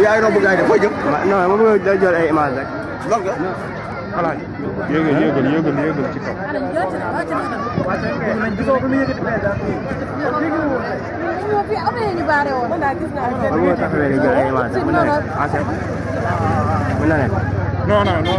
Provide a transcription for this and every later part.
yaa ngi romb gars yi de fooy jëm. non ma bëgg a jël ay image rek. loolu nga. voilà yëgal yëgal yëgal yëgal ci kaw. non non non non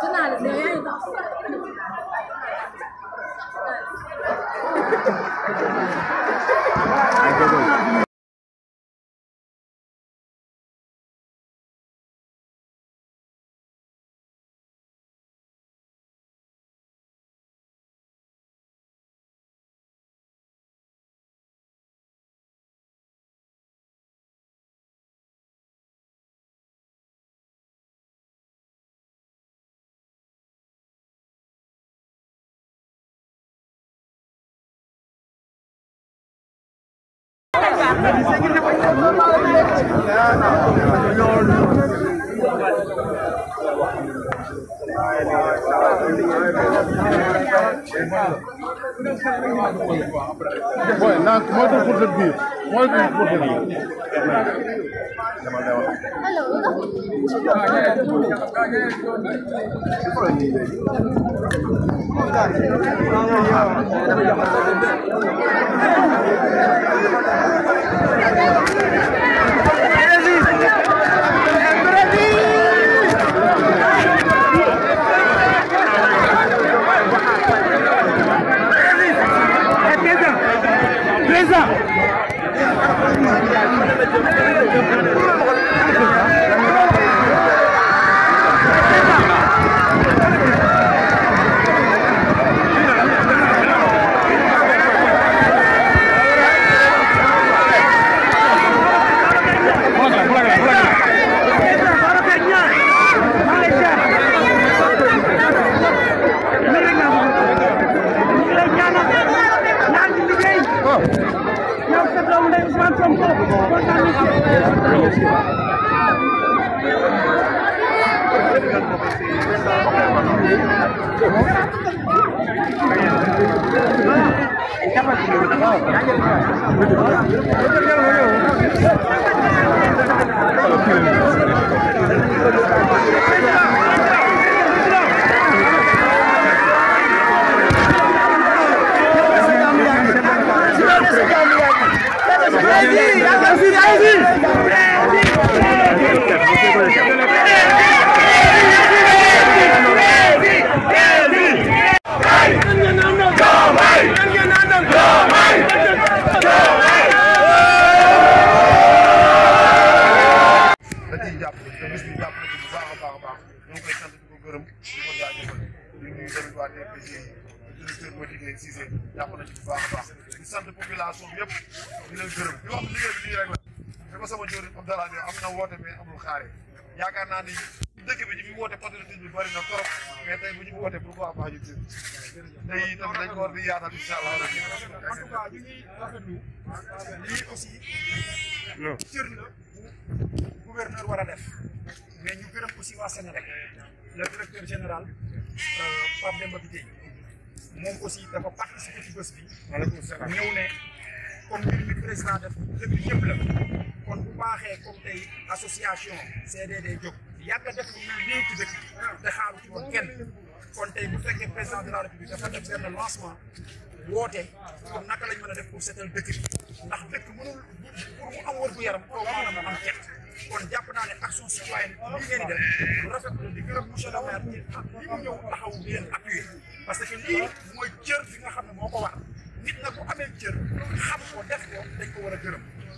在哪里？两眼一瞪。Boy, lan moo dugg sa biir Hello. Allez-y, allez-y, allez-y xaaree yaakaar naa ni dëkk bi ñu woote patriotisme bi bëri na trop mais tey bu ñu woote pourquoi pas ñu déglu tey itam dañ ko war yaatal incha allah. en tout cas ñu ngi aussi. cër la bu war a def. mais ñu gërëm aussi waa Sénégal le directeur général euh, Pape Demba Bitèye moom aussi dafa participer ci bés bi. salaam ñëw ne comme ni président def lépp ñëpp la. kon bu baaxee comme tey association CDD jóg yàgg def lu nii ci dëkk te ci woon kenn kon tey bu de la république dafa def benn lancement woote kon naka lañ mën a def pour seetal dëkk bi ndax dëkk mënul pour mu am wër yaram kaw maanaam mu am cet naa ne action citoyenne lii ngeen di def lu rafet la di gërëm monsieur le maire ci li mu taxaw parce que lii fi nga moo ko war nit na bu amee cër xam ko def ko dañ ko war a gërëm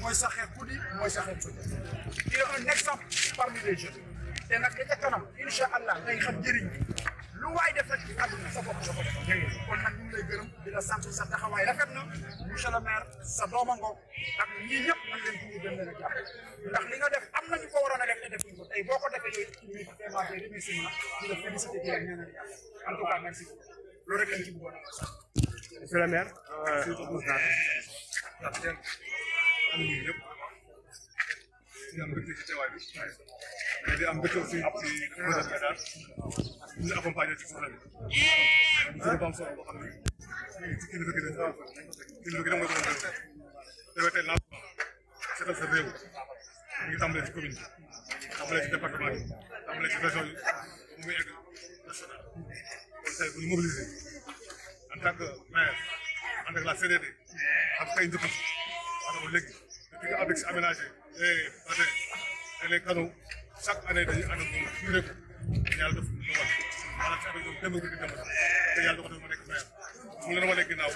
mooy sa xeex guddi mooy sa xeex bëccëg il est un exemple parmi les jeunes te nak li ca kanam allah day xam jeriñ lu way def ak àdduna sa bokk sa bokk kon nak ñu lay gëreum di la sant sa taxaway rafet na monsieur le maire sa doma doomango ak ñi ñëpp nak leen ci gën na jax ndax li nga def am nañu ko warona a def te defuñ ko tey boo ko defee yooyu ci biir vraiment tey remerciement di def ci ci la ñaanal yàlla en tout cas merci lo rek lañ ci bëggoon a monsieur le maire. nuyu ñëpp di am mbégte ci teewaay bi mais di am mbégte aussi ci projet bi daal ñu accompagner ci mu ngi tàmbalee ci commune bi ci département bi ci région mu egg national en tant que maire en tant que la CDD xam tey njëkk a di ko ABEX aménagé et et les canaux chaque année dañuy ànd ak moom rek yàlla def lu war maanaam ci ABEX moom ko di demal te yàlla doxal ma nekk maire mu leen wane ginnaaw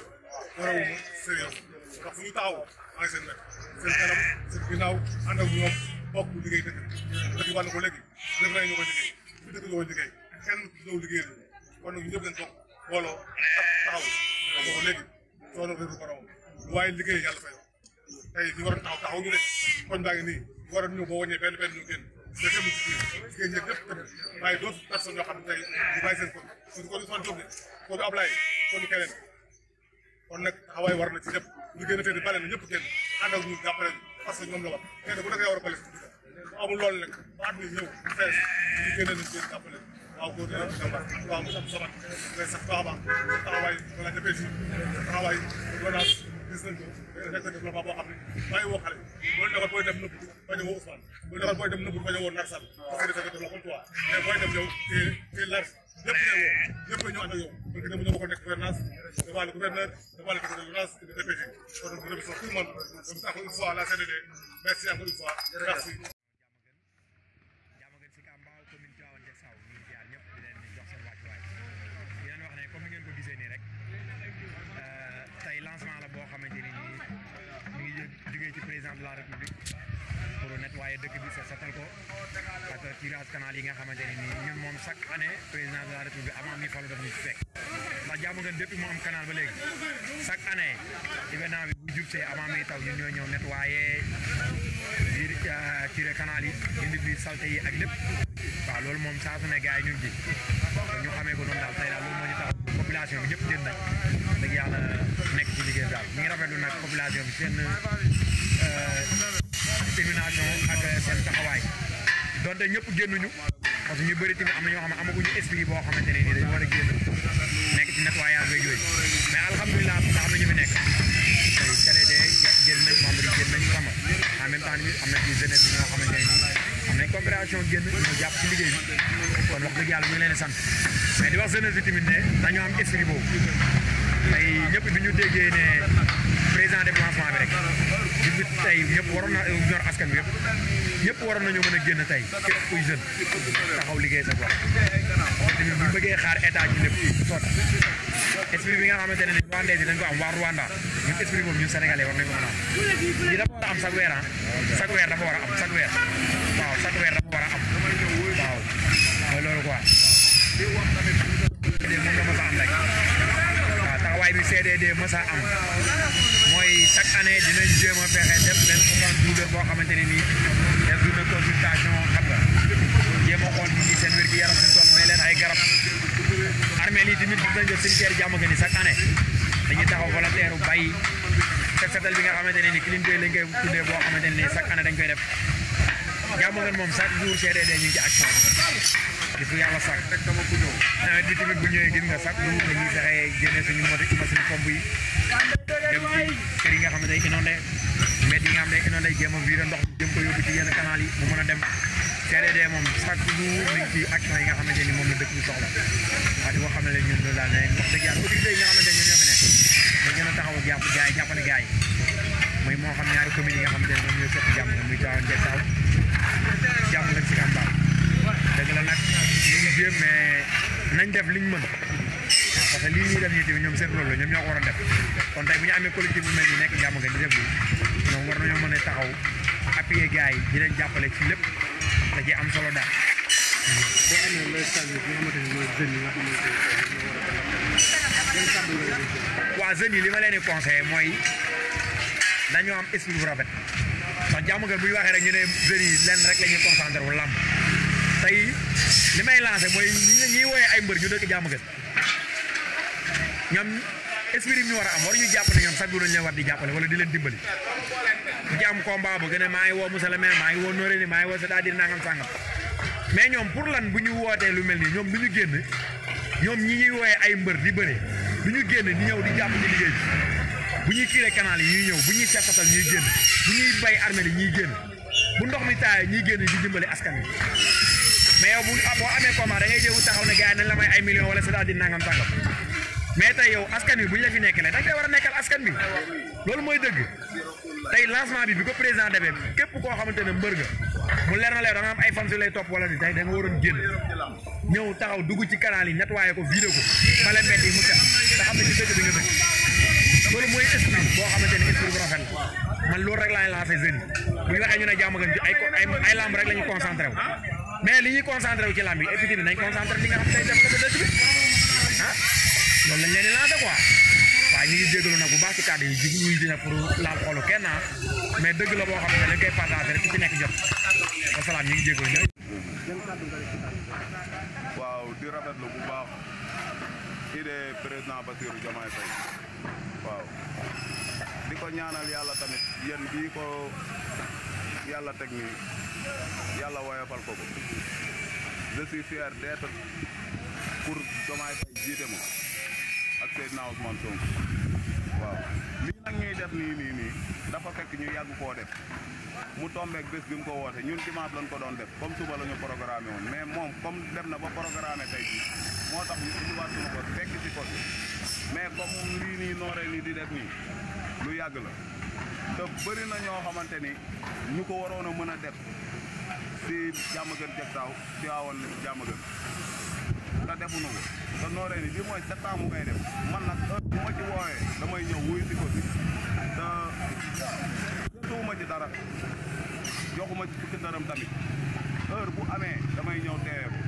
warawuma sérieux ndax fu ñu taxaw en seen nag seen kanam seen ginnaaw ànd ak ñoom bokk liggéey dëkk dëkk wàll ko léegi dëkk rek ñu ko liggéey dëkk ñu ko liggéey kenn ñëw liggéey kon nag ñëpp leen bokk booloo taxaw taxaw léegi coono réeru borom waaye liggéey yàlla fay tey ñu waroon taxaw taxaw ñu ne kon baa ngi nii ñu waroon ñëw boo wàññee ñu génn nga dem ci biir jigéen ñu bàyyi seen kon kon kon Ousmane Diop war na ci ñëpp ñu génn tey bale na ñëpp génn ànd ak ñun jàppale parce que ñoom la war kenn bu nekk yaa war a bale amul loolu ñu génn nañ génn jàppale waaw góor ñi dafa jàmbaar waaw mu sax sabat ngay sax baax a baax taxawaay wala defee si taxawaay gis nañ nekk développement boo xam ne bàyyi woo xale boo doxal booy dem nëbb bañ a woo Ousmane boo doxal booy dem nëbb bañ a woo Nar Sall parce que dafa def la comme toi mais booy dem yow te te large ñëpp lay woo ñëpp la ñëw ànd ak yow parce que dama ñoo bokk nekk gouvernance devant le gouverneur devant le comité de l'urgence et de DPG kon nous remercions tout le monde donc encore une fois la CDD merci encore une fois merci mètres waaye dëkk bi set setal ko ak yi nga xamante ne nii ñun moom chaque année président de la république avant mi falu daf ñu fekk ndax jàmm ngeen ba léegi chaque année événement bi bu jub see avant mi taw ñun ñoo ñëw nettoyé di euh, tiré canal yi indi fi yi ak lépp waaw loolu moom saa su ne gars yi ko noonu daal tey daal loolu moo bi ñëpp jënd nag nekk ci liggéey daal ñu ngi rafetlu nag bi seen détermination ak euh, seen taxawaay donte ñëpp génnuñu parce que ñu bëri tamit am na ñoo xam ne amaguñu esprit boo xamante ne a génn nekk ne nii am nañ coopération génn ñu jàpp liggéey bi kon wax dëgg yàlla ñu a di wax jeunesse bi tamit ne dañoo am esprit boobu ñëpp bi ñu déggee ne président déplacement bi rek. limit tey ñëpp waroon na ñor askan bi yëpp ñëpp waroon nañoo mën a génn tey képp kuy jeune taxaw liggéey sa gox bu bëggee xaar état ci lépp soot esprit bi nga xamante ne nii Rwandais yi dañ ko am waa Rwanda ñun esprit boobu ñun sénégalais war nañ ko a am ñi dafa war a am ah. chaque weer dafa war a am chaque weer waaw chaque weer dafa war a am waaw mooy loolu quoi CDD moom la mës a am rek waaw taxawaay bi CDD mës a am chaque année dinañ jéem a fexe def benn outan douleur boo xamante ne def du consultation xam nga jéem a xool nit wér gi yaram seen tool may leen ay garab armée lii tamit gis nañ ko cimetière jàmm gën chaque année dañuy taxaw volontaire bàyyi te setal bi nga xamante ne nii clean day lañ koy tuddee boo xamante chaque année dañ koy def jàmm ngeen moom chaque jour CDD ñu ci action nawet bi bu gis nga suñu machine pompe yi nga xam ne day inondé mbedd yi nga xam ne day inondé a viré ndox mi jëm ko yóbbu ci yenn canal yi mu mën a dem CDD moom chaque yi nga xamante ni moom la dëkk bi soxla waaye di ko xam ne la ñun loolu daal ne yi nekk dañ taxaw jàpp gaay jàppale gaay mooy moo xam ñaari commune yi nga xamante ne moom ñoo sopp jàmm muy taw njëkk taw jàmm lañ si am baax dëgg la nag ñu ngi mais nañ def liñ mën parce que la ñoo ko war a def kon ñu amee collectif bu nekk jàmm ngeen di def lii ñoom a taxaw yi di jàppale ci lépp da ci am solo daal. boo waa jeunes yi li ma leen di mooy nañu am esprit bu rafet ndax jàmm ngeen bu ñu waxee rek ñu ne jeunes yi rek la ñuy concentré wu làmb tey li may lancé mooy ñu ñuy woowee ay mbër ñu dëkk jàmm ngeen. ñoom esprit ñu war a am ñu jàpp ne ñoom sax du lañ leen war di jàppale wala di leen dimbali bu ci am combat bu gën a maa ngi woo Moussa maa ngi woo Noreyni maa ngi woo c'est-à-dire mais ñoom pour lan bu ñu wootee lu mel nii ñoom du ñu génn ñoom ñi ñuy wooyee ay mbër di bëre du ñu génn di ñëw di jàpp bu ñuy tiire canal yi ñëw bu ñuy seqatal ñuy génn bu ñuy bay armée li ñuy génn bu ndox mi taayee ñuy génn di dimbali askan wi mais yow bu boo amee combat da ngay jéem taxaw ne gars yi nañ la may ay sàngam mais tey yow askan bi bu ñu la fi nekkalee da nga war a nekkal askan bi loolu mooy dëgg tey lancement bi bi ko président defee képp koo xamante ne mbër nga mu leer na leer da am ay fan lay topp wala ni tey da nga waroon génn ñëw taxaw dugg ci kanaan yi nettoyé ko vidé ko bale mbedd yi mu set te xam ne ci dëgg bi nga dëkk loolu mooy esprit boo xamante ne esprit bu rafet man loolu rek laay lancé jeunes yi bu ñu waxee ñu ne jàmm gan ay lamb rek la ñu concentré wu mais li ñuy concentré wu ci lamb yi et puis Nolanya lañ leen di lancé quoi waaye ñu ngi jégalu nag bu baax ci kàddu yi ji wuyu pour laal xoolu kenn mais dëgg la boo xam ne dañ koy partagé rek ci nekk jot wasalaam ñu ngi jégalu ñëpp. waaw di rafetlu bu baax idée président Bassirou Diomaye Faye waaw di ñaanal yàlla tamit yéen bii ko yàlla ko je suis fier d'être pour président Ousmane Sonko waaw lii nag ñuy def nii nii nii dafa fekk ñu yàgg koo def mu tombeek bés gi mu ko woote ñun dimanche lañ ko doon def comme suba la ñu programmé woon mais moom comme dem na ba programmé tey jii moo tax ñu indiwaat suñu ko fekk ci ko mais comme lii nii nooree nii di def nii lu yàgg la te bëri na ñoo xamante ni ñu ko waroon a mën a def si jàmm gën jeg taaw si waawoon jàmm gën te defuñu ko te nooree ni lii mooy septembre mu koy man nag heure bu ma ci woowee damay ñëw wuyu si ko si te tuuma ci dara joxuma ci fukki tamit heure bu amee damay ñëw teewee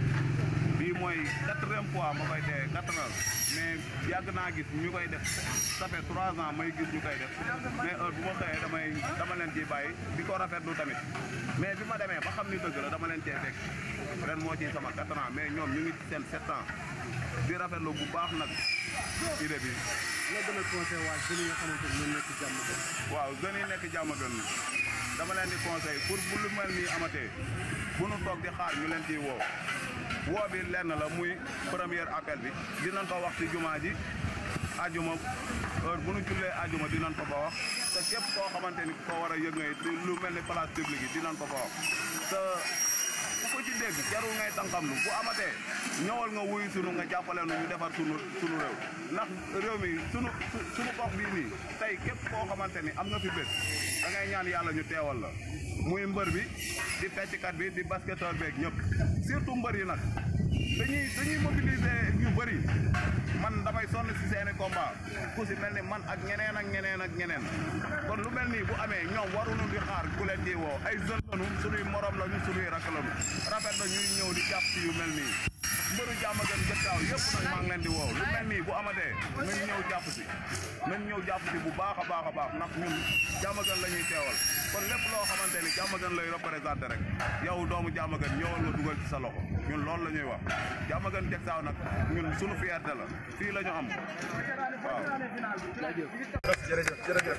bii mooy quatrième fois ma koy teye mais yàgg naa gis ñu koy def ça fait trois ans may gis ñu koy def mais heure bu ma xëyee damay dama leen ciy bàyyi di ko rafetlu tamit mais bi ma demee ba xam ni tëgg la dama leen cee fekk ren moo ciy sama quatre ans mais ñoom ñu ngi seen sept ans di rafetlu bu baax nag idée bi. nga gën a conseil waa jeunes yi nga xamante ni ñu nekk jàmm gën. waaw jeunes yi nekk jàmm gën dama leen di conseil pour bu lu mel nii amatee bu nu toog di xaar ñu leen ciy woo. woo bi lenn la muy premier appel bi dinañ ko wax si jumaa ji ajuma heure bu nu jullee ajuma dinañ ko fa wax te képp koo xamante ni ko war a yëg ngay lu mel ni place publique yi dinañ ko fa wax ku ko ci dégg jarul ngay tànqamlu bu amatee ñëwal nga wuyu sunu nga jàppale nu ñu defar sunu réew ndax réew mi sunu sunu gox bii nii tey képp koo xamante ni am na fi bés da ngay ñaan yàlla ñu teewal la muy mbër bi di fecckat bi di basketteur beeg ñëpp surtout mbër yi nag dañuy dañuy mobiliser ñu bëri man damay sonn si seeni combat ku si mel ni man ak ñeneen ak ñeneen ak ñeneen kon lu mel nii bu amee ñoom waruñu di xaar ku leen di woo ay jeune su suñuy morom la ñu suñuy rakk lanu rafet na ñëw di jàpp yu mel nii mbëru jàmm gën gëstaaw yëpp nag maa ngi leen di woow lu mel nii bu amatee nañ ñëw jàpp si nañ ñëw jàpp si bu baax a baax a baax ndax ñun jàmm gën la ñuy teewal kon lépp loo xamante ni jàmm gën lay représenté rek yow doomu jàmm gën ñëwal nga dugal ci sa loxo ñun loolu la ñuy wax jàmm gën gëstaaw nag ñun suñu fierté la fii la ñu am waaw jërëjëf jërëjëf